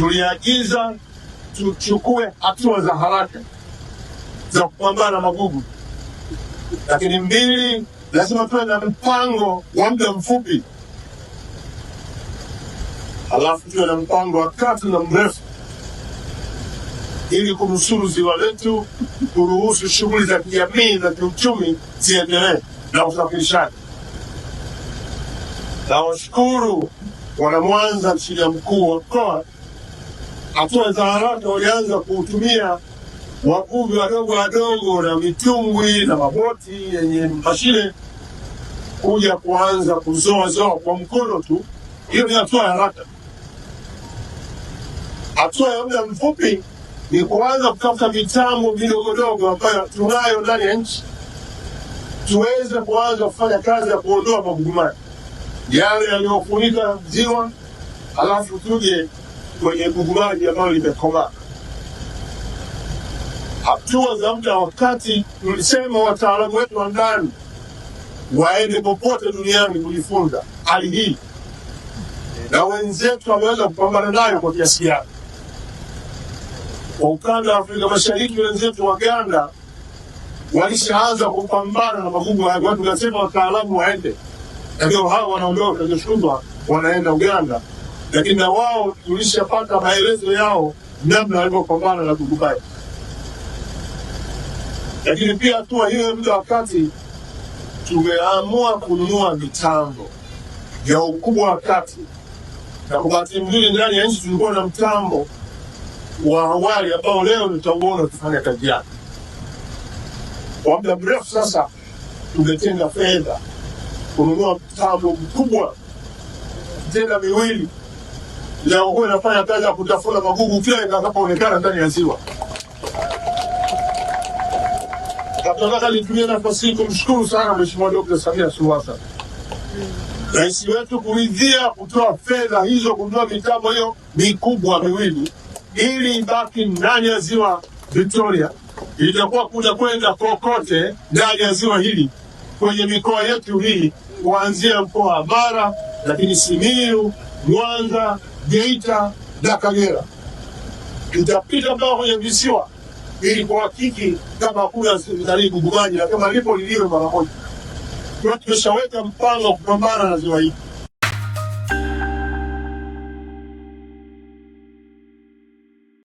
tuliagiza tuchukue hatua za haraka za kupambana na magugu, lakini mbili, lazima tuwe na mpango wa muda mfupi, halafu tuwe na mpango wa kati na mrefu, ili kunusuru ziwa letu, kuruhusu shughuli za kijamii na kiuchumi ziendelee na usafirishaji. Nawashukuru wana Mwanza, mshiria mkuu wa mkoa hatua za haraka walianza kuutumia wavuvi wadogo wadogo na mitumbwi na maboti yenye mashine kuja kuanza kuzoazoa kwa mkono tu. Hiyo ni hatua ya haraka. Hatua ya muda mfupi ni kuanza kutafuta mitambo vidogodogo ambayo tunayo ndani ya nchi, tuweze kuanza kufanya kazi ya kuondoa magugu yale yaliyofunika ziwa, halafu tuje kwenye gugumaji ambayo limekomaa. Hatua za muda wakati, tulisema wataalamu wetu wa ndani waende popote duniani kujifunza hali hii, na wenzetu wameweza kupambana nayo kwa kiasi gani. Kwa ukanda wa Afrika Mashariki, wenzetu Waganda walishaanza kupambana na magugu haya, kwa tunasema wataalamu waende, lakini hao wanaondoka kesho wanaenda Uganda lakini na wao tulishapata maelezo yao namna walivyopambana na Tugubaji. Lakini pia hatua hiyo muda wakati tumeamua kununua mitambo ya ukubwa wa kati, na kwa bahati ndani ya nchi tulikuwa na mtambo wa awali ambao leo nitauona tufanya kazi yake kwa muda mrefu. Sasa tumetenga fedha kununua mtambo mkubwa tena miwili inayokuwa inafanya kazi ya kutafuna magugu kila itakapoonekana ndani ya ziwa. Nataka nitumie nafasi hii kumshukuru sana Mheshimiwa Dkt. Samia Suluhu Hassan, rais wetu, kuridhia kutoa fedha hizo kununua mitambo hiyo mikubwa miwili ili ibaki ndani ya ziwa Victoria. Itakuwa kuja kwenda kokote ndani ya ziwa hili kwenye mikoa yetu hii kuanzia mkoa wa Bara, lakini Simiyu, Mwanza Geita na Kagera. nitapita mpaka kwenye visiwa ili kuhakiki kama hakuna hospitali Bugumanya, kama lipo lilio mara moja. Tumeshaweka mpango wa kupambana na ziwa hili.